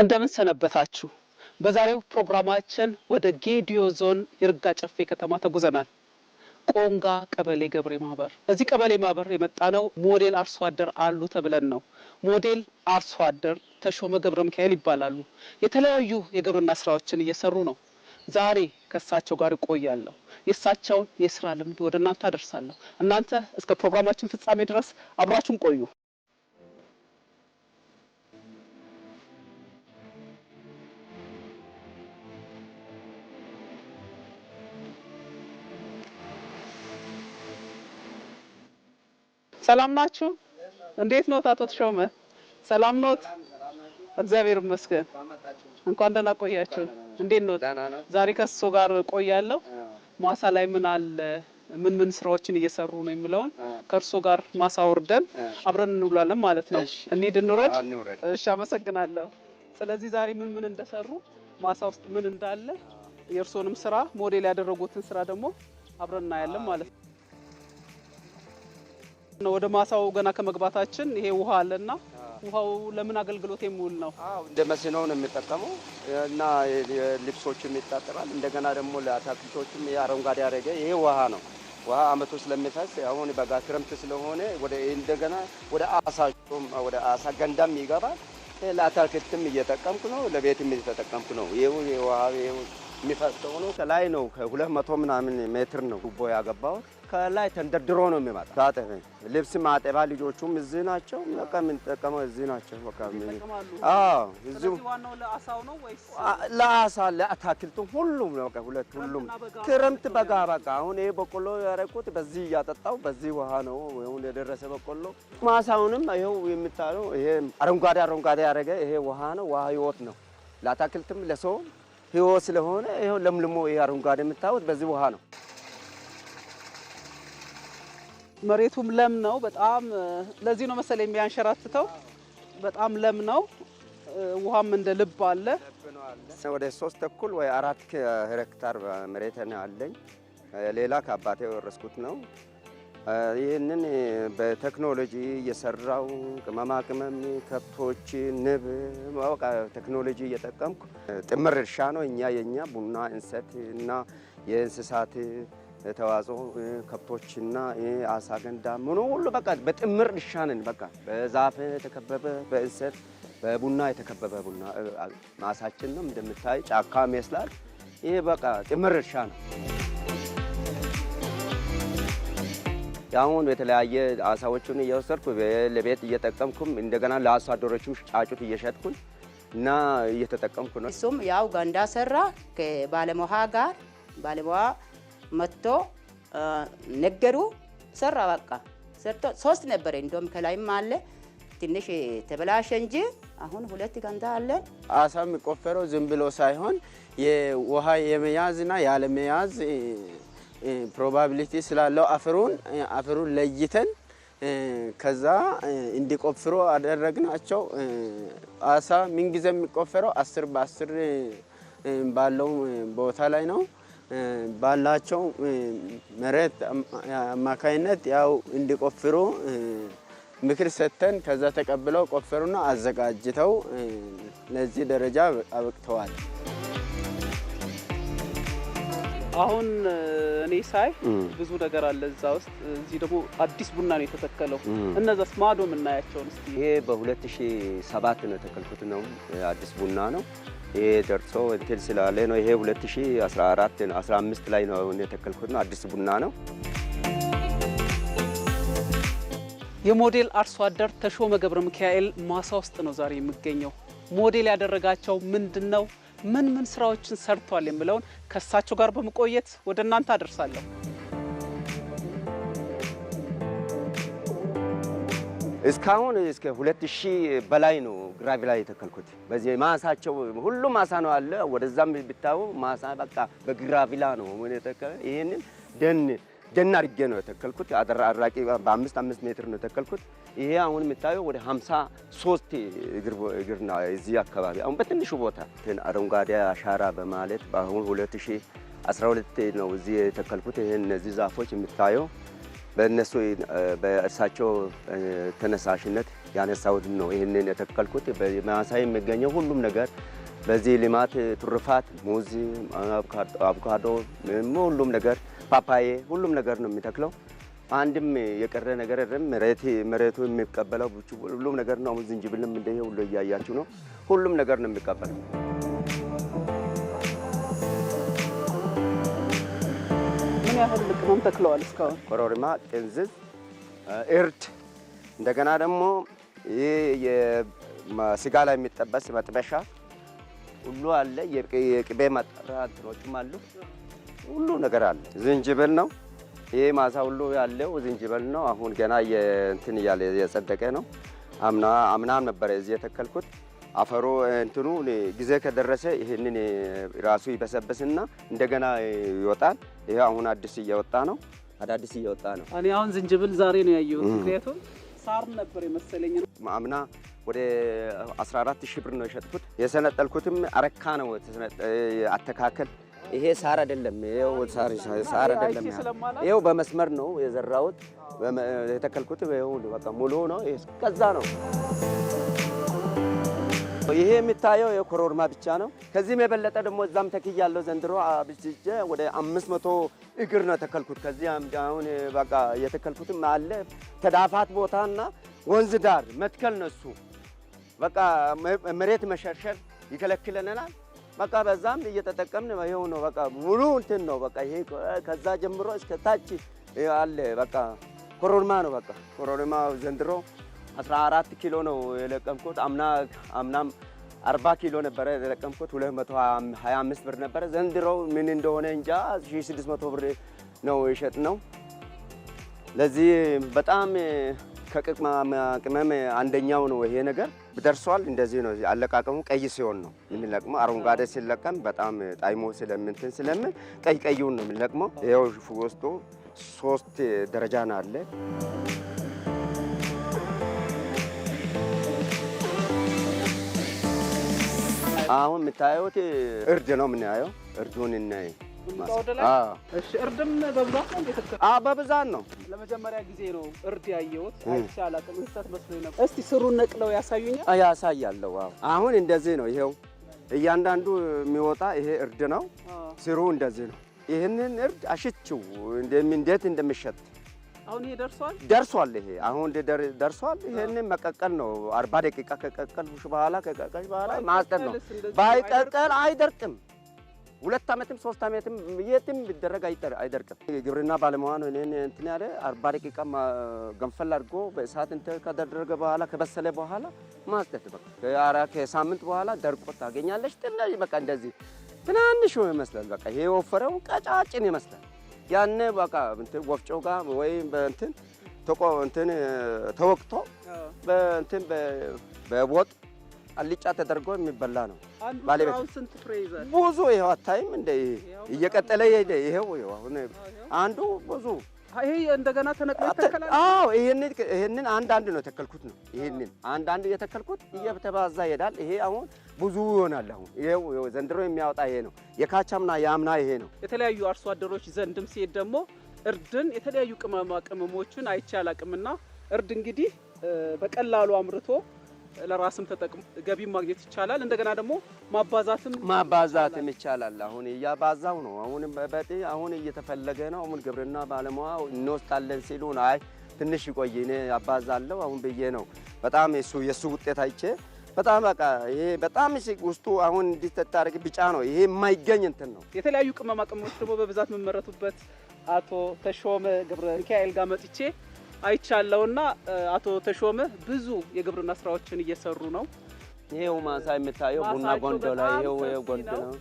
እንደምን ሰነበታችሁ። በዛሬው ፕሮግራማችን ወደ ጌዲዮ ዞን ይርጋ ጨፌ ከተማ ተጉዘናል። ቆንጋ ቀበሌ ገብሬ ማህበር። እዚህ ቀበሌ ማህበር የመጣ ነው ሞዴል አርሶ አደር አሉ ተብለን ነው። ሞዴል አርሶ አደር ተሾመ ገብረ ሚካኤል ይባላሉ። የተለያዩ የግብርና ስራዎችን እየሰሩ ነው። ዛሬ ከእሳቸው ጋር እቆያለሁ። የእሳቸውን የስራ ልምድ ወደ እናንተ አደርሳለሁ። እናንተ እስከ ፕሮግራማችን ፍጻሜ ድረስ አብራችሁን ቆዩ። ሰላም ናችሁ? እንዴት ነው አቶ ተሾመ ሰላም ኖት? እግዚአብሔር ይመስገን። እንኳን ደህና ቆያችሁ። እንዴት ነው? ዛሬ ከእሱ ጋር ቆያለሁ። ማሳ ላይ ምን አለ፣ ምን ምን ስራዎችን እየሰሩ ነው የሚለውን ከእርሶ ጋር ማሳ ወርደን አብረን እንውላለን ማለት ነው። እንሂድ፣ እንውረድ። እሺ፣ አመሰግናለሁ። ስለዚህ ዛሬ ምን ምን እንደሰሩ ማሳ ውስጥ ምን እንዳለ የእርሶንም ስራ ሞዴል ያደረጉትን ስራ ደግሞ አብረን እናያለን ማለት ነው። ወደ ማሳው ገና ከመግባታችን ይሄ ውሃ አለና ውሃው ለምን አገልግሎት የሚውል ነው? አዎ እንደ መስኖ ነው የሚጠቀመው እና ልብሶችም ይታጠባል። እንደገና ደግሞ ለአታክልቶችም አረንጓዴ ያደረገ ይሄ ውሃ ነው። ውሃ አመቱ ስለሚፈስ አሁን በጋ ክረምት ስለሆነ ወደ እንደገና ወደ አሳቸውም ወደ አሳ ገንዳም ይገባል። ለአታክልትም እየጠቀምኩ ነው፣ ለቤትም እየተጠቀምኩ ነው። ይሄው ውሃ የሚፈሰው ነው። ከላይ ነው ከሁለት መቶ ምናምን ሜትር ነው ጉቦ ያገባሁት ከላይ ተንደርድሮ ነው የሚመጣ። ታጠፈ ልብስ ማጠባ ልጆቹም እዚህ ናቸው። በቃ የምንጠቀመው እዚህ ናቸው። በቃ አዎ፣ እዚሁ ለአሳ ለአታክልቱ ሁሉም ነው። በቃ ሁለት ሁሉም ክረምት በጋ በቃ አሁን ይሄ በቆሎ ያረቁት በዚህ እያጠጣው በዚህ ውሃ ነው ሁን የደረሰ በቆሎ ማሳውንም ይኸው የምታለው ይሄ አረንጓዴ አረንጓዴ ያደረገ ይሄ ውሃ ነው። ውሃ ህይወት ነው ለአታክልትም ለሰው ህይወት ስለሆነ ይኸው ለምልሞ ይሄ አረንጓዴ የምታዩት በዚህ ውሃ ነው። መሬቱም ለም ነው። በጣም ለዚህ ነው መሰለኝ የሚያንሸራትተው። በጣም ለም ነው። ውሃም እንደ ልብ አለ። ወደ ሶስት ተኩል ወይ አራት ሄክታር መሬት ነው አለኝ። ሌላ ከአባቴ የወረስኩት ነው። ይህንን በቴክኖሎጂ እየሰራው ቅመማ ቅመም፣ ከብቶች፣ ንብ ማወቅ ቴክኖሎጂ እየጠቀምኩ ጥምር እርሻ ነው። እኛ የኛ ቡና እንሰት እና የእንስሳት ተዋጽኦ ከብቶችና አሳ ገንዳ ምኑ ሁሉ በቃ በጥምር እርሻንን በቃ በዛፍ የተከበበ በእንሰት በቡና የተከበበ ቡና ማሳችን ነው። እንደምታይ ጫካ ይመስላል። ይህ በቃ ጥምር እርሻ ነው። አሁን የተለያየ አሳዎቹን እየወሰድኩ ለቤት እየጠቀምኩም እንደገና ለአርሶ አደሮቹ ጫጩት እየሸጥኩኝ እና እየተጠቀምኩ ነው። እሱም ያው ገንዳ ሰራ ከባለሙያ ጋር ባለሙያ መጥቶ ነገሩ ሰራ። በቃ ሰርቶ ሶስት ነበረ እንደውም ከላይም አለ ትንሽ ተበላሸ እንጂ አሁን ሁለት ገንዳ አለን። አሳ የሚቆፈረው ዝም ብሎ ሳይሆን የውሃ የመያዝና ያለመያዝ ፕሮባቢሊቲ ስላለው አፈሩን አፈሩን ለይተን ከዛ እንዲቆፍሩ አደረግናቸው። አሳ ምንጊዜ የሚቆፈረው አስር በአስር ባለው ቦታ ላይ ነው። ባላቸው መሬት አማካይነት ያው እንዲቆፍሩ ምክር ሰጥተን ከዛ ተቀብለው ቆፈሩና አዘጋጅተው ለዚህ ደረጃ አበቅተዋል። አሁን እኔ ሳይ ብዙ ነገር አለ እዛ ውስጥ። እዚህ ደግሞ አዲስ ቡና ነው የተተከለው። እነዛስ ማዶ የምናያቸውን እስኪ። ይሄ በ2007 ነው የተከልኩት ነው አዲስ ቡና ነው። ይሄ ደርሶ እንትን ስላለ ነው። ይሄ 2014 15 ላይ ነው የተከልኩት ነው። አዲስ ቡና ነው። የሞዴል አርሶ አደር ተሾመ ገብረ ሚካኤል ማሳ ውስጥ ነው ዛሬ የሚገኘው። ሞዴል ያደረጋቸው ምንድን ነው? ምን ምን ስራዎችን ሰርቷል? የሚለውን ከእሳቸው ጋር በመቆየት ወደ እናንተ አደርሳለሁ። እስካሁን እስከ ሁለት ሺህ በላይ ነው ግራቪላ የተከልኩት። በዚህ ማሳቸው ሁሉ ማሳ ነው አለ። ወደዛም ብታዩ ማሳ በቃ በግራቪላ ነው የተከለ። ይህንን ደን ደን አድርጌ ነው የተከልኩት። አራቂ በአምስት አምስት ሜትር ነው የተከልኩት። ይሄ አሁን የምታየው ወደ ሀምሳ ሶስት እግር ነው እዚህ አካባቢ አሁን በትንሹ ቦታ አረንጓዴ አሻራ በማለት በአሁን ሁለት ሺህ አስራ ሁለት ነው እዚህ የተከልኩት። ይህን እነዚህ ዛፎች የምታየው በእነሱ በእርሳቸው ተነሳሽነት ያነሳውት ነው ይህንን የተከልኩት። በማሳይ የሚገኘው ሁሉም ነገር በዚህ ልማት ትሩፋት ሙዝ፣ አቮካዶ፣ ሁሉም ነገር ፓፓዬ፣ ሁሉም ነገር ነው የሚተክለው። አንድም የቀረ ነገር የለም። መሬቱ የሚቀበለው ሁሉም ነገር ነው። ዝንጅብልም እንደ ሁሉ እያያችሁ ነው። ሁሉም ነገር ነው የሚቀበለው። ምን ያህል ቅመም ተክለዋል እስካሁን? ኮረሪማ፣ ጥንዝዝ፣ እርድ እንደገና ደግሞ ይህ ስጋ ላይ የሚጠበስ መጥበሻ ሁሉ አለ። የቅቤ ማጠሪያ አሉ። ሁሉ ነገር አለ። ዝንጅብል ነው ይህ ማሳ ሁሉ ያለው ዝንጅብል ነው። አሁን ገና እንትን እያለ የጸደቀ ነው። አምናም ነበረ እዚህ የተከልኩት። አፈሮ እንትኑ ጊዜ ከደረሰ ይህንን ራሱ ይበሰብስና እንደገና ይወጣል። ይሄ አሁን አዲስ እየወጣ ነው። አዳዲስ እየወጣ ነው። እኔ አሁን ዝንጅብል ዛሬ ነው ያየሁት፣ ምክንያቱም ሳር ነበር የመሰለኝ። አምና ወደ 14 ሺህ ብር ነው የሸጥኩት። የሰነጠልኩትም አረካ ነው አተካከል። ይሄ ሳር አይደለም፣ ሳር አይደለም፣ ይሄው በመስመር ነው የዘራሁት የተከልኩት። ሙሉ ነው፣ ከዛ ነው ይሄ የምታየው የኮሮርማ ብቻ ነው። ከዚህም የበለጠ ደግሞ እዛም ተክያለሁ። ዘንድሮ አብዝቼ ወደ አምስት መቶ እግር ነው ተከልኩት። ከዚህ አሁን በቃ የተከልኩትም አለ ተዳፋት ቦታና ወንዝ ዳር መትከል ነው። እሱ በቃ መሬት መሸርሸር ይከለክለናል። በቃ በዛም እየተጠቀምን ይኸው ነው። በቃ ሙሉ እንትን ነው። በቃ ይሄ ከዛ ጀምሮ እስከ ታች አለ። በቃ ኮሮርማ ነው። በቃ ኮሮርማ ዘንድሮ 14 ኪሎ ነው የለቀምኩት። አምና አምናም 40 ኪሎ ነበረ የለቀምኩት 225 ብር ነበረ። ዘንድሮ ምን እንደሆነ እንጃ 1600 ብር ነው የሸጥ ነው። ለዚህ በጣም ከቅመም ቅመም አንደኛው ነው ይሄ ነገር ደርሷል። እንደዚህ ነው አለቃቀሙ። ቀይ ሲሆን ነው የምንለቅመው። አረንጓዴ ሲለቀም በጣም ጣይሞ ስለምንትን ስለምን ቀይ ቀዩን ነው የምንለቅመው። ይኸው ውስጡ ሶስት ደረጃ ነው አለ አሁን የምታዩት እርድ ነው የምናየው። እርዱን እናይ። እርድም በብዛት ነው በብዛት ነው። ለመጀመሪያ ጊዜ ነው እርድ ያየሁት። አይቻላቅም እንስሳት መስሎኝ ነበር። እስቲ ስሩን ነቅለው ያሳዩኛል። ያሳያለው። አሁን እንደዚህ ነው። ይሄው እያንዳንዱ የሚወጣ ይሄ እርድ ነው። ስሩ እንደዚህ ነው። ይህንን እርድ አሽችው እንዴት እንደሚሸጥ አሁን ይሄ ደርሷል ደርሷል። ይሄ አሁን ደርሷል። ይሄንን መቀቀል ነው። አርባ ደቂቃ ከቀቀልሽ በኋላ ከቀቀልሽ በኋላ ማስጠር ነው። ባይቀቀል አይደርቅም። ሁለት ዓመትም ሶስት ዓመትም የትም ቢደረግ አይደርቅም። የግብርና ባለሙያ ነው እኔን እንትን ያለ አርባ ደቂቃ ገንፈል አድርጎ በእሳት እንትን ከደረገ በኋላ ከበሰለ በኋላ ማስጠት በቃ ከሳምንት በኋላ ደርቆ ታገኛለች። ትንሽ በቃ እንደዚህ ትናንሽ ይመስላል። በቃ ይሄ የወፈረውን ቀጫጭን ይመስላል። ያነ በቃ እንትን ወፍጮ ጋር ወይም በእንትን ተቆ እንትን ተወቅቶ በእንትን በቦጥ አልጫ ተደርጎ የሚበላ ነው። ባለቤት ብዙ ይሄው አታይም እንደ እየቀጠለ ይሄ ይሄው ይሄው አሁን አንዱ ብዙ ይሄ እንደገና ተነቅሎ ይተከላል። አዎ ይሄንን አንድ አንድ ነው የተከልኩት ነው። ይሄንን አንድ አንድ እየተከልኩት እየተባዛ ይሄዳል። ይሄ አሁን ብዙ ይሆናል። አሁን ይሄው ዘንድሮ የሚያወጣ ይሄ ነው። የካቻምና የአምና ይሄ ነው። የተለያዩ አርሶ አደሮች ዘንድም ሲሄድ ደግሞ እርድን የተለያዩ ቅመማ ቅመሞችን አይቻል አቅምና እርድ እንግዲህ በቀላሉ አምርቶ ለራስም ተጠቅሞ ገቢ ማግኘት ይቻላል። እንደገና ደግሞ ማባዛትም ማባዛትም ይቻላል። አሁን እያባዛው ነው። አሁን በጤ አሁን እየተፈለገ ነው። አሁን ግብርና ባለሙያ እንወስዳለን ሲሉን አይ ትንሽ ይቆይ እኔ አባዛለሁ አሁን ብዬ ነው። በጣም የሱ የሱ ውጤት አይቼ በጣም በቃ ይሄ በጣም ውስጡ አሁን እንዲተታረግ ቢጫ ነው። ይሄ የማይገኝ እንትን ነው። የተለያዩ ቅመማ ቅመሞች ደግሞ በብዛት የምመረቱበት አቶ ተሾመ ገብረ ሚካኤል ጋር መጥቼ አይቻለውና አቶ ተሾመ ብዙ የግብርና ስራዎችን እየሰሩ ነው። ይሄው ማሳ የምታየው ቡና ጎንዶላ ይሄው ጎንዶ ነው።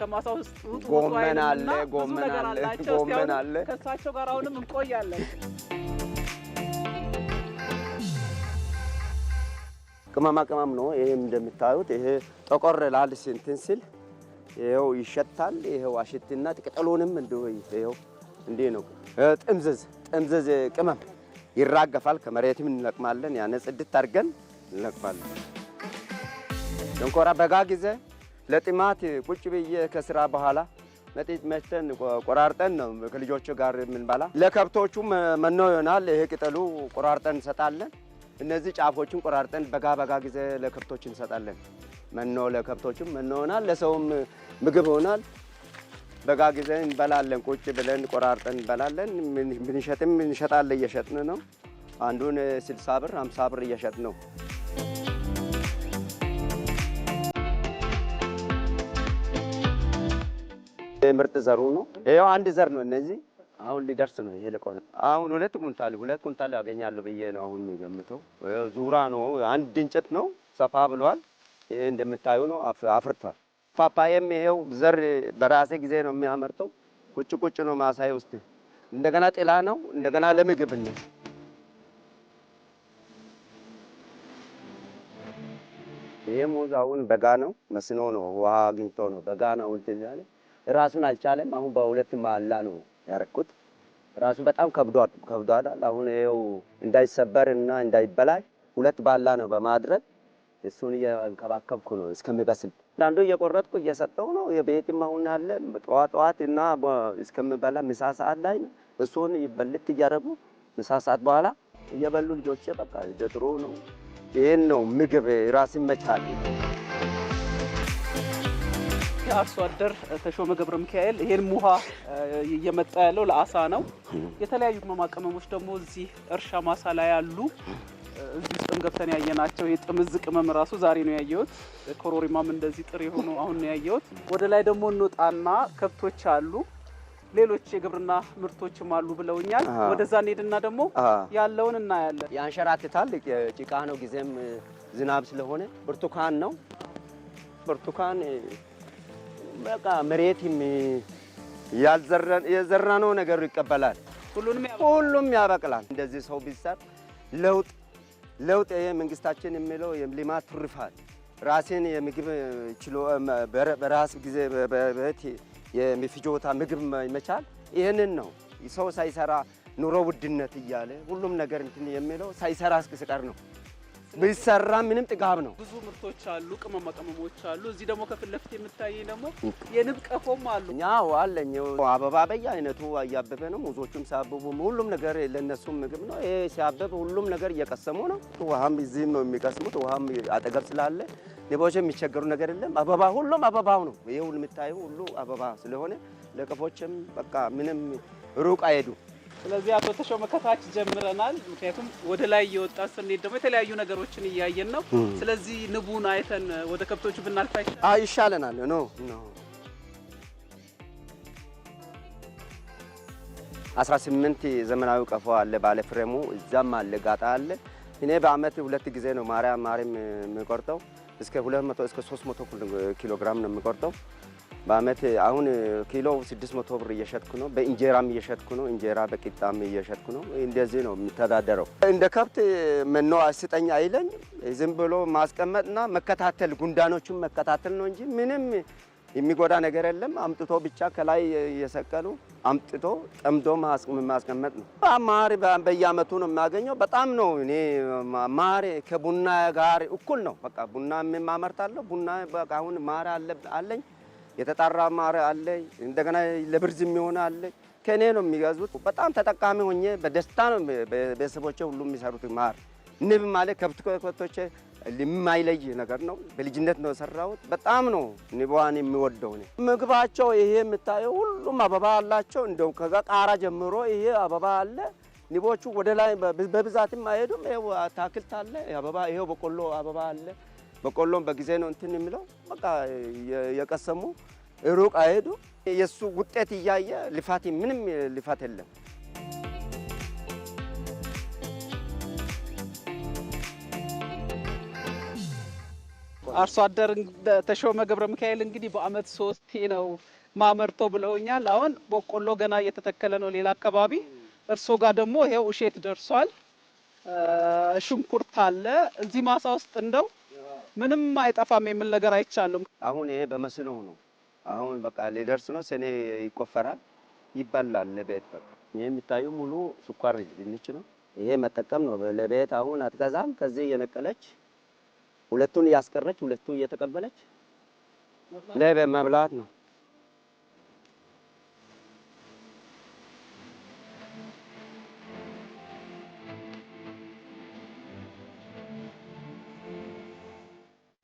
ከማሳ ውስጥ ጎመን አለ፣ ጎመን አለ፣ ጎመን አለ። ከእሳቸው ጋር አሁንም እንቆያለን። ቅመማ ቅመም ነው። ይሄ እንደምታዩት ይሄ ጠቆር ላል እንትን ሲል ይሄው ይሸታል። ይሄው አሽትና ቅጠሉንም እንዲሁ ይሄው እንዲህ ነው ጥምዘዝ ጥምዘዝ ቅመም ይራገፋል። ከመሬትም እንለቅማለን። ያነ ጽድት አድርገን እንለቅማለን። ሸንኮራ በጋ ጊዜ ለጥማት ቁጭ ብዬ ከስራ በኋላ መጤት መተን ቆራርጠን ነው ከልጆቹ ጋር የምንበላ። ለከብቶቹ መኖ ይሆናል። ይሄ ቅጠሉ ቆራርጠን እንሰጣለን። እነዚህ ጫፎችን ቆራርጠን በጋ በጋ ጊዜ ለከብቶች እንሰጣለን። መኖ ለከብቶችም መኖ ሆናል፣ ለሰውም ምግብ ሆናል። በጋ ጊዜ እንበላለን። ቁጭ ብለን ቆራርጠን እንበላለን። ምንሸጥም እንሸጣለን፣ እየሸጥን ነው። አንዱን ስልሳ ብር አምሳ ብር እየሸጥ ነው። ምርጥ ዘሩ ነው። ይኸው አንድ ዘር ነው እነዚህ አሁን ሊደርስ ነው ይሄ ልቆ አሁን ሁለት ኩንታል ሁለት ኩንታል ያገኛለሁ ብዬ ነው አሁን የሚገምተው። ዙራ ነው አንድ እንጨት ነው ሰፋ ብሏል። ይሄ እንደምታዩ ነው አፍርቷል። ፓፓየም ይሄው ዘር በራሴ ጊዜ ነው የሚያመርተው። ቁጭ ቁጭ ነው ማሳይ ውስጥ እንደገና ጥላ ነው እንደገና ለምግብነት ይህ ሙዝ አሁን በጋ ነው መስኖ ነው ውሃ አግኝቶ ነው በጋ ነው። ራሱን አልቻለም። አሁን በሁለት ማላ ነው ያረኩት። ራሱ በጣም ከብዷል ከብዷል። አሁን ይኸው እንዳይሰበር እና እንዳይበላሽ ሁለት ባላ ነው በማድረግ እሱን እየንከባከብኩ ነው እስከሚበስል። አንዱ እየቆረጥኩ እየሰጠው ነው። የቤትም አሁን አለ ጠዋት ጠዋት እና እስከምበላ ምሳ ሰዓት ላይ እሱን ይበልት እያደረጉ ምሳ ሰዓት በኋላ እየበሉ ልጆቼ በቃ ደጥሮ ነው። ይህን ነው ምግብ ራስን መቻል አርሶ አደር ተሾመ ገብረ ሚካኤል ይሄን ውሃ እየመጣ ያለው ለአሳ ነው። የተለያዩ ቅመማ ቅመሞች ደግሞ እዚህ እርሻ ማሳ ላይ አሉ። እዚህ ውስጥም ገብተን ያየናቸው የጥምዝ ቅመም ራሱ ዛሬ ነው ያየሁት። ኮሮሪማም እንደዚህ ጥሬ ሆኖ አሁን ነው ያየሁት። ወደ ላይ ደግሞ እንወጣና ከብቶች አሉ፣ ሌሎች የግብርና ምርቶችም አሉ ብለውኛል። ወደዛ እንሄድና ደግሞ ያለውን እናያለን። ያንሸራትታል። ጭቃ ነው፣ ጊዜም ዝናብ ስለሆነ ብርቱካን ነው ብርቱካን በቃ መሬት የዘራነው ነገር ይቀበላል፣ ሁሉም ያበቅላል። እንደዚህ ሰው ቢሰር ለውጥ ለውጥ ይሄ መንግስታችን የሚለው ልማት ትርፋል ራሴን የምግብ ችሎ በራስ ጊዜ በቤት የሚፍጆታ ምግብ መቻል ይህንን ነው። ሰው ሳይሰራ ኑሮ ውድነት እያለ ሁሉም ነገር እንትን የሚለው ሳይሰራ እስክስቀር ነው። ቢሰራ ምንም ጥጋብ ነው። ብዙ ምርቶች አሉ፣ ቅመማ ቅመሞች አሉ። እዚህ ደግሞ ከፊት ለፊት የምታየኝ ደግሞ የንብ ቀፎም አሉ። ያው አለኝ አበባ በየ አይነቱ እያበበ ነው። ሙዞቹም ሲያብቡ ሁሉም ነገር ለነሱም ምግብ ነው። ይሄ ሲያብብ ሁሉም ነገር እየቀሰሙ ነው። ውሃም እዚህም ነው የሚቀስሙት። ውሃም አጠገብ ስላለ ንቦች የሚቸገሩ ነገር የለም። አበባ ሁሉም አበባው ነው። ይሄ የምታየው ሁሉ አበባ ስለሆነ ለቀፎችም በቃ ምንም ሩቅ አይሄዱ ስለዚህ አቶ ተሾመ ከታች ጀምረናል። ምክንያቱም ወደ ላይ እየወጣ ስንሄድ ደግሞ የተለያዩ ነገሮችን እያየን ነው። ስለዚህ ንቡን አይተን ወደ ከብቶቹ ብናልፋ ይሻለናል። ነው። 18 ዘመናዊ ቀፎ አለ፣ ባለፍሬሙ እዛም አለ፣ ጋጣ አለ። እኔ በአመት ሁለት ጊዜ ነው ማርያም ማርያም የምቆርጠው። እስከ 200 እስከ 300 ኪሎ ግራም ነው የምቆርጠው። በአመት አሁን ኪሎ 600 ብር እየሸጥኩ ነው። በእንጀራም እየሸጥኩ ነው። እንጀራ በቂጣም እየሸጥኩ ነው። እንደዚህ ነው የሚተዳደረው። እንደ ከብት መኖ አስጠኝ አይለኝ። ዝም ብሎ ማስቀመጥና መከታተል፣ ጉንዳኖቹን መከታተል ነው እንጂ ምንም የሚጎዳ ነገር የለም። አምጥቶ ብቻ ከላይ እየሰቀሉ አምጥቶ ጠምዶ ማስቀመጥ ነው። ማር በየአመቱ ነው የሚያገኘው። በጣም ነው እኔ ማር ከቡና ጋር እኩል ነው። በቃ ቡና የማመርታለሁ። ቡና አሁን ማር አለኝ የተጣራ ማር አለ፣ እንደገና ለብርዝም የሚሆነ አለ። ከእኔ ነው የሚገዙት። በጣም ተጠቃሚ ሆኜ በደስታ ነው ቤተሰቦቼ ሁሉ የሚሰሩት ማር። ንብ ማለት ከብት ኮቶቼ የማይለይ ነገር ነው። በልጅነት ነው የሰራሁት። በጣም ነው ንቧን የሚወደው ነ ምግባቸው ይሄ የምታየው ሁሉም አበባ አላቸው። እንደውም ከዛ ቃራ ጀምሮ ይሄ አበባ አለ። ንቦቹ ወደ ላይ በብዛትም አይሄዱም። ይኸው አታክልት አለ፣ አበባ ይሄው በቆሎ አበባ አለ። በቆሎም በጊዜ ነው እንትን የሚለው በቃ የቀሰሙ ሩቅ አይሄዱ። የእሱ ውጤት እያየ ልፋት ምንም ልፋት የለም። አርሶ አደር ተሾመ ገብረ ሚካኤል እንግዲህ በአመት ሶስቴ ነው ማመርቶ ብለውኛል። አሁን በቆሎ ገና እየተተከለ ነው ሌላ አካባቢ። እርሶ ጋር ደግሞ ይሄው እሼት ደርሷል፣ ሽንኩርት አለ እዚህ ማሳ ውስጥ እንደው ምንም አይጠፋም የሚል ነገር አይቻልም። አሁን ይሄ በመስኖ ነው። አሁን በቃ ሊደርስ ነው። ሰኔ ይቆፈራል፣ ይበላል ለቤት በቃ ይሄ የሚታዩ ሙሉ ስኳር ድንች ነው። ይሄ መጠቀም ነው ለቤት አሁን አትገዛም። ከዚህ እየነቀለች ሁለቱን እያስቀረች፣ ሁለቱ እየተቀበለች ለቤት መብላት ነው።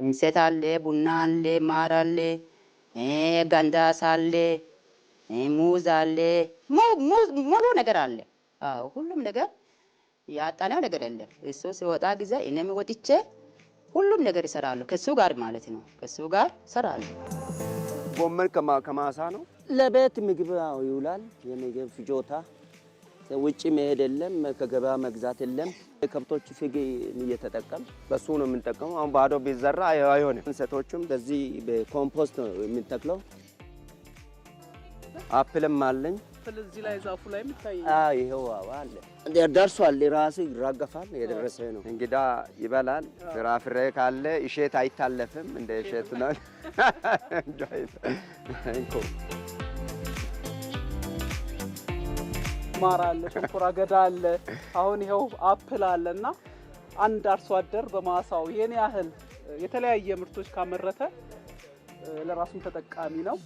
እንሰት አለ፣ ቡና አለ፣ ማር አለ፣ ገንዳሳ አለ፣ ሙዝ አለ፣ ሙሉ ነገር አለ። ሁሉም ነገር ያጣነው ነገር የለም። እሱ ሲወጣ ጊዜ እኔም ወጥቼ ሁሉም ነገር ይሰራሉ። ከሱ ጋር ማለት ነው። ከሱ ጋር ይሰራሉ። ጎመን ከማሳ ነው ለቤት ምግብ ይውላል። የምግብ ፍጆታ ውጭ መሄድ የለም፣ ከገበያ መግዛት የለም። የከብቶች ፍግ እየተጠቀም በሱ ነው የምንጠቀመው። አሁን ባዶ ቢዘራ አይሆንም። እንሰቶቹም በዚህ በኮምፖስት ነው የምንተክለው። አፕልም አለኝ እዚህ አለ ደርሷል። ራሱ ይራገፋል። የደረሰ ነው እንግዳ ይበላል። ፍራፍሬ ካለ እሸት አይታለፍም። እንደ እሸት ነው። ማር አለ፣ ሽንኩራ አገዳ አለ፣ አሁን ይኸው አፕል አለ እና አንድ አርሶ አደር በማሳው ይሄን ያህል የተለያየ ምርቶች ካመረተ ለራሱም ተጠቃሚ ነው።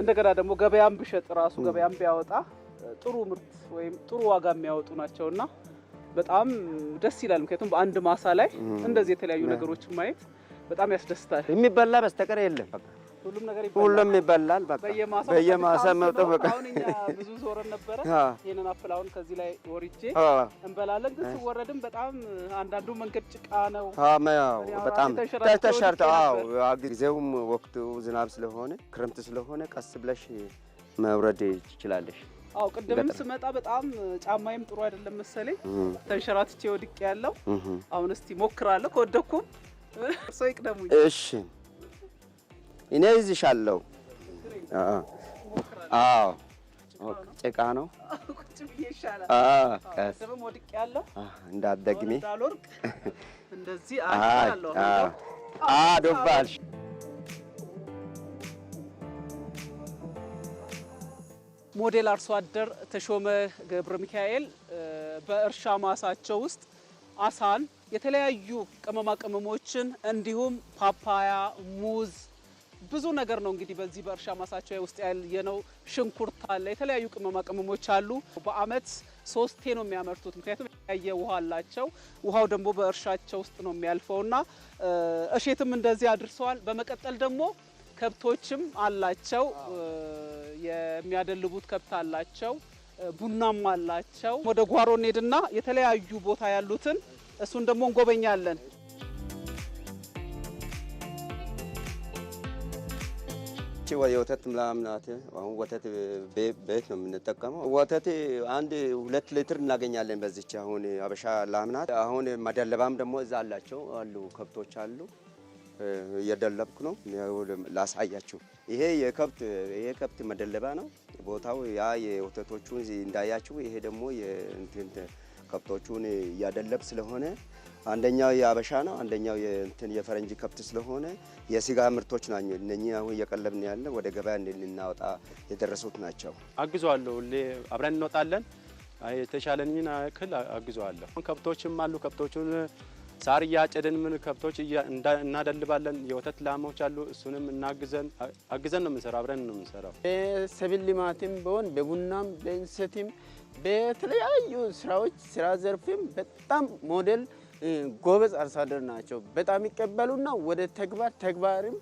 እንደገና ደግሞ ገበያም ብሸጥ ራሱ ገበያም ቢያወጣ ጥሩ ምርት ወይም ጥሩ ዋጋ የሚያወጡ እና በጣም ደስ ይላል። ምክንያቱም በአንድ ማሳ ላይ እንደዚህ የተለያዩ ነገሮችን ማየት በጣም ያስደስታል። የሚበላ በስተቀር የለም። ሁሉም ይበላል። በቃ በየማሳ መጠው በቃ ብዙ ዞረን ነበረ። ይሄንን አፕል አሁን ከዚህ ላይ ወርጄ እንበላለን። ግን ስወረድም በጣም አንዳንዱ መንገድ ጭቃ ነው። አዎ በጣም አዎ ጊዜውም ወቅቱ ዝናብ ስለሆነ ክረምት ስለሆነ ቀስ ብለሽ መውረድ ትችላለሽ። ቅድምም ስመጣ በጣም ጫማዬም ጥሩ አይደለም መሰለኝ ተንሸራትቼ ወድቄ ያለው። አሁን እስቲ ሞክራለሁ ከወደኩም እርሶ ይቅደሙኝ። እሺ እኔ እይዝሻለሁ። አዎ ጭቃ ነው። እንዳትደግሜ ዶባልሽ ሞዴል አርሶ አደር ተሾመ ገብረ ሚካኤል በእርሻ ማሳቸው ውስጥ አሳን፣ የተለያዩ ቅመማ ቅመሞችን እንዲሁም ፓፓያ፣ ሙዝ ብዙ ነገር ነው እንግዲህ በዚህ በእርሻ ማሳቸው ውስጥ ያየነው ሽንኩርት አለ፣ የተለያዩ ቅመማ ቅመሞች አሉ። በአመት ሶስቴ ነው የሚያመርቱት፣ ምክንያቱም የተለያየ ውሃ አላቸው። ውሃው ደግሞ በእርሻቸው ውስጥ ነው የሚያልፈው እና እሼትም እንደዚህ አድርሰዋል። በመቀጠል ደግሞ ከብቶችም አላቸው፣ የሚያደልቡት ከብት አላቸው፣ ቡናም አላቸው። ወደ ጓሮ እንሄድና የተለያዩ ቦታ ያሉትን እሱን ደግሞ እንጎበኛለን። ይቺ የወተት ላም ናት። አሁን ወተት ቤት ነው የምንጠቀመው። ወተት አንድ ሁለት ሊትር እናገኛለን በዚች አሁን አበሻ ላም ናት። አሁን መደለባም ደግሞ እዛ አላቸው አሉ ከብቶች አሉ። እየደለብኩ ነው ላሳያችሁ። ይሄ የከብት ይሄ ከብት መደለባ ነው ቦታው ያ የወተቶቹን እንዳያችሁ። ይሄ ደግሞ የእንትን ከብቶቹን እያደለብ ስለሆነ አንደኛው የአበሻ ነው፣ አንደኛው የእንትን የፈረንጅ ከብት ስለሆነ የስጋ ምርቶች ናቸው። እነኚህ አሁን እየቀለብን ያለ ወደ ገበያ እንድናወጣ የደረሱት ናቸው። አግዟለሁ። አብረን እንወጣለን። የተሻለኝን ያክል አግዟለሁ። ከብቶችም አሉ። ከብቶቹን ሳር እያጨድን ምን ከብቶች እናደልባለን። የወተት ላሞች አሉ። እሱንም እናግዘን አግዘን ነው የምንሰራው፣ አብረን ነው የምንሰራው። በሰብል ልማትም ቢሆን በቡናም በእንሰትም በተለያዩ ስራዎች ስራ ዘርፍም በጣም ሞዴል ጎበዝ አርሶ አደር ናቸው። በጣም ይቀበሉና ወደ ተግባር ተግባርም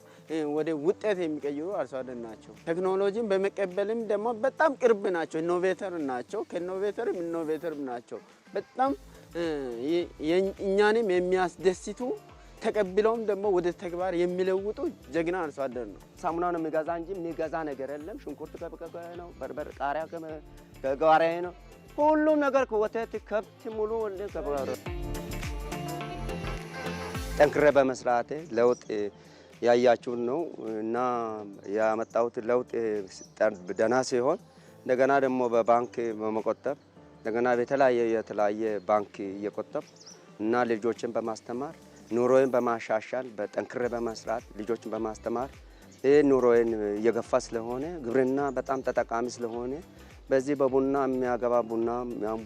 ወደ ውጤት የሚቀይሩ አርሶ አደር ናቸው። ቴክኖሎጂን በመቀበልም ደግሞ በጣም ቅርብ ናቸው። ኢኖቬተር ናቸው። ከኢኖቬተርም ኢኖቬተርም ናቸው። በጣም እኛንም የሚያስደስቱ ተቀብለውም ደግሞ ወደ ተግባር የሚለውጡ ጀግና አርሶ አደር ነው። ሳሙናውን የሚገዛ እንጂ የሚገዛ ነገር የለም። ሽንኩርት ከበቀለ ነው፣ በርበር ቃሪያ ከገዋሪያ ነው። ሁሉም ነገር ወተት ከብት ሙሉ ጠንክሬ በመስራቴ ለውጥ ያያችሁን ነው እና ያመጣሁት ለውጥ ደህና ሲሆን እንደገና ደግሞ በባንክ በመቆጠብ እንደገና የተለያየ የተለያየ ባንክ እየቆጠብ እና ልጆችን በማስተማር ኑሮዬን በማሻሻል በጠንክሬ በመስራት ልጆችን በማስተማር ይህ ኑሮዬን እየገፋ ስለሆነ ግብርና በጣም ተጠቃሚ ስለሆነ በዚህ በቡና የሚያገባ ቡና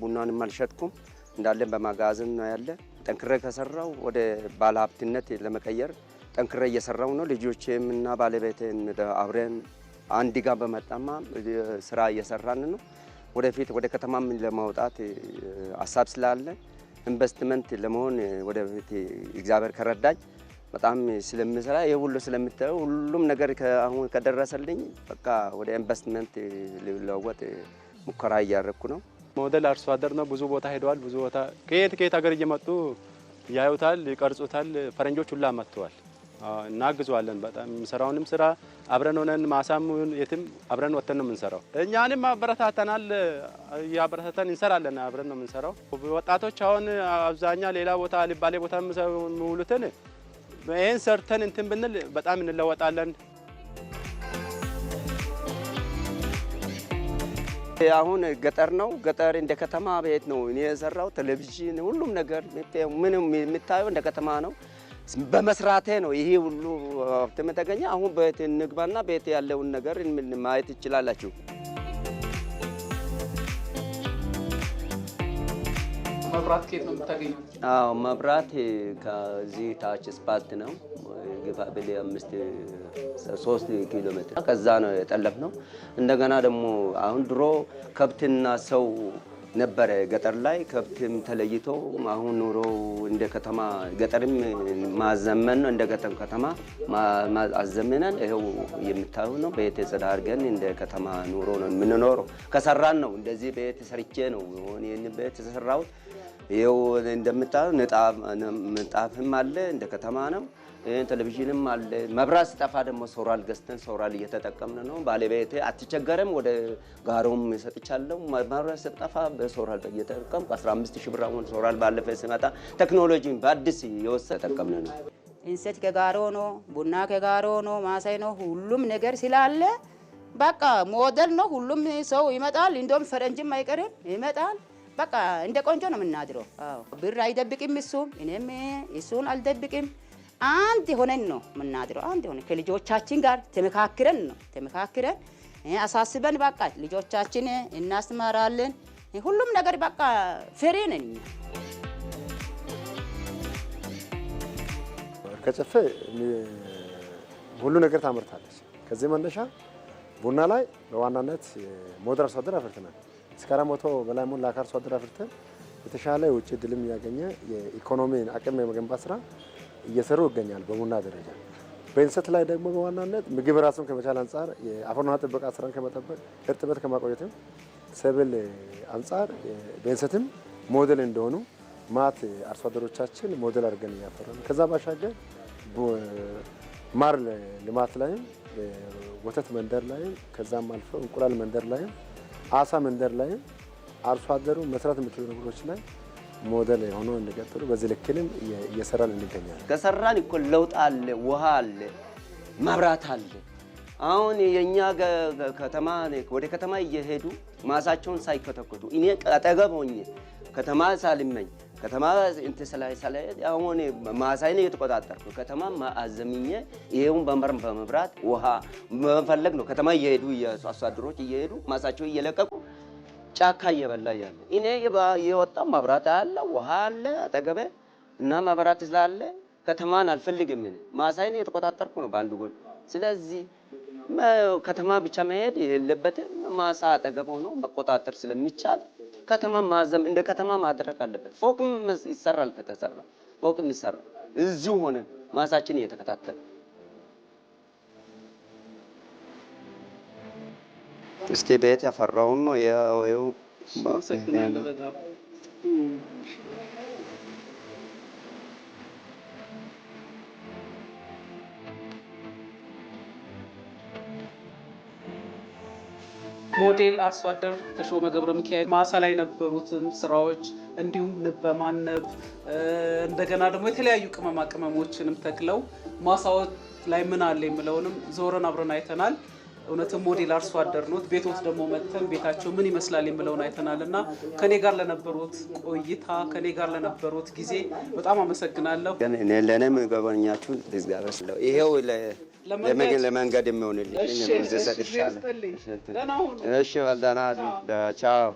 ቡናንም አልሸጥኩም እንዳለን በመጋዘን ነው ያለ ጠንክሬ ከሰራው ወደ ባለሀብትነት ለመቀየር ጠንክሬ እየሰራው ነው። ልጆቼም እና ባለቤቴም አብረን አንድ ጋር በመጣማ ስራ እየሰራን ነው። ወደፊት ወደ ከተማም ለማውጣት ሀሳብ ስላለ ኢንቨስትመንት ለመሆን ወደፊት እግዚአብሔር ከረዳኝ በጣም ስለምሰራ ይህ ሁሉ ስለምታየ ሁሉም ነገር አሁን ከደረሰልኝ በቃ ወደ ኢንቨስትመንት ልለወጥ ሙከራ እያደረግኩ ነው። ሞዴል አርሶ አደር ነው። ብዙ ቦታ ሄደዋል። ብዙ ቦታ ከየት ከየት ሀገር እየመጡ ያዩታል፣ ይቀርጹታል። ፈረንጆች ሁላ መጥተዋል። እናግዘዋለን። በጣም የምንሰራውንም ስራ አብረን ሆነን ማሳም የትም አብረን ወተን ነው የምንሰራው። እኛንም አበረታተናል፣ እያበረታተን እንሰራለን። አብረን ነው የምንሰራው። ወጣቶች አሁን አብዛኛ ሌላ ቦታ ሊባሌ ቦታ የሚውሉትን ይህን ሰርተን እንትን ብንል በጣም እንለወጣለን። አሁን ገጠር ነው። ገጠር እንደ ከተማ ቤት ነው እኔ የሰራው ቴሌቪዥን፣ ሁሉም ነገር ምንም የምታየው እንደ ከተማ ነው። በመስራቴ ነው ይሄ ሁሉ ሀብት የተገኘ። አሁን ቤት እንግባና ቤት ያለውን ነገር ማየት ይችላላችሁ። መብራት ከየት ነው የምታገኘው? አዎ መብራት ከዚህ ታች ስፓልት ነው ግፋብሌ አምስት ሶስት ኪሎ ሜትር ከዛ ነው የጠለፍ ነው። እንደገና ደግሞ አሁን ድሮ ከብትና ሰው ነበረ ገጠር ላይ ከብትም ተለይቶ አሁን ኑሮ እንደ ከተማ ገጠርም ማዘመን ነው። እንደ ገጠር ከተማ አዘምነን ይኸው የምታዩ ነው። ቤት ጽዳ አድርገን እንደ ከተማ ኑሮ ነው የምንኖረው። ከሰራን ነው እንደዚህ ቤት ሰርቼ ነው ይህን ቤት የሰራሁት። ይኸው እንደምታየው ንጣፍም አለ፣ እንደ ከተማ ነው። ቴሌቪዥንም አለ። መብራት ስጠፋ ደግሞ ሶራል ገዝተን ሶራል እየተጠቀምን ነው። ባለቤቴ አትቸገረም፣ ወደ ጋሮም ሰጥቻለሁ። መብራት ስጠፋ በሶራል እየተጠቀምኩ 15 ሺህ ብር አሁን ሶራል ባለፈ ስመጣ ቴክኖሎጂን በአዲስ የወሰ ተጠቀምን ነው። እንሰት ከጋሮ ነው፣ ቡና ከጋሮ ነው፣ ማሳይ ነው፣ ሁሉም ነገር ስላለ በቃ ሞዴል ነው። ሁሉም ሰው ይመጣል። እንደውም ፈረንጅም አይቀርም ይመጣል። በቃ እንደ ቆንጆ ነው የምናድረው። ብር አይደብቅም እሱም እኔም እሱን አልደብቅም። አንድ ሆነን ነው የምናድረው። አንድ ሆነን ከልጆቻችን ጋር ተመካክረን ነው ተመካክረን አሳስበን በቃ ልጆቻችን እናስመራለን። ሁሉም ነገር በቃ ፍሬ ነን እኛ። ከጨፌ ሁሉ ነገር ታመርታለች። ከዚህ መነሻ ቡና ላይ በዋናነት ሞደር አርሶ አደር አፈርተናል። እስከ አራት መቶ በላይ ሙላ አርሶ አደር አፍርተን የተሻለ የውጭ ድልም እያገኘ የኢኮኖሚን አቅም የመገንባት ስራ እየሰሩ ይገኛል። በቡና ደረጃ በእንሰት ላይ ደግሞ በዋናነት ምግብ ራሱን ከመቻል አንጻር የአፈርና ጥበቃ ስራን ከመጠበቅ እርጥበት ከማቆየትም ሰብል አንጻር በእንሰትም ሞዴል እንደሆኑ ማት አርሶ አደሮቻችን ሞዴል አድርገን እያፈራል። ከዛ ባሻገር ማር ልማት ላይም ወተት መንደር ላይም ከዛም አልፎ እንቁላል መንደር ላይም አሳ መንደር ላይ አርሶ አደሩ መስራት የምትሉ ነገሮች ላይ ሞዴል ሆኖ እንዲቀጥሉ በዚህ ልክልም እየሰራን እንገኛለን። ከሰራን እኮ ለውጥ አለ፣ ውሃ አለ፣ መብራት አለ። አሁን የእኛ ከተማ ወደ ከተማ እየሄዱ ማሳቸውን ሳይከተክቱ እኔ አጠገብ ሆኜ ከተማ ሳልመኝ ከተማ እንትን ስላለ አሁን ማሳይን እየተቆጣጠርኩ ከተማ አዘምኜ ይሄውን በመርም በመብራት ውሃ መፈለግ ነው። ከተማ እየሄዱ አርሶ እየሄዱ ማሳቸው እየለቀቁ ጫካ እየበላ ያለ እኔ የወጣ መብራት አለ ውሃ አለ አጠገቤ እና መብራት ስላለ ከተማን አልፈልግም። ማሳይን እየተቆጣጠርኩ ነው በአንድ ጎን። ስለዚህ ከተማ ብቻ መሄድ የለበትም። ማሳ አጠገብ ሆኖ መቆጣጠር ስለሚቻል ከተማ ማዘም እንደ ከተማ ማድረግ አለበት። ፎቅም ይሰራል፣ ከተሰራ ፎቅም ይሰራል። እዚሁ ሆነ ማሳችን እየተከታተለ እስቲ ቤት ያፈራውን ነው ያው ሞዴል አርሶ አደር ተሾመ ገብረ ሚካኤል ማሳ ላይ ነበሩትን ስራዎች እንዲሁም ንብ በማነብ እንደገና ደግሞ የተለያዩ ቅመማ ቅመሞችንም ተክለው ማሳዎች ላይ ምን አለ የምለውንም ዞረን አብረን አይተናል። እውነትም ሞዴል አርሶ አደር ኖት። ቤቶት ደግሞ መጥተን ቤታቸው ምን ይመስላል የምለውን አይተናል እና ከኔ ጋር ለነበሩት ቆይታ ከኔ ጋር ለነበሩት ጊዜ በጣም አመሰግናለሁ። ለእኔም የጎበኛችሁ ይሄው ለመንገድ የሚሆንልኝ። እሺ፣ ደህና ሁኑ። ቻው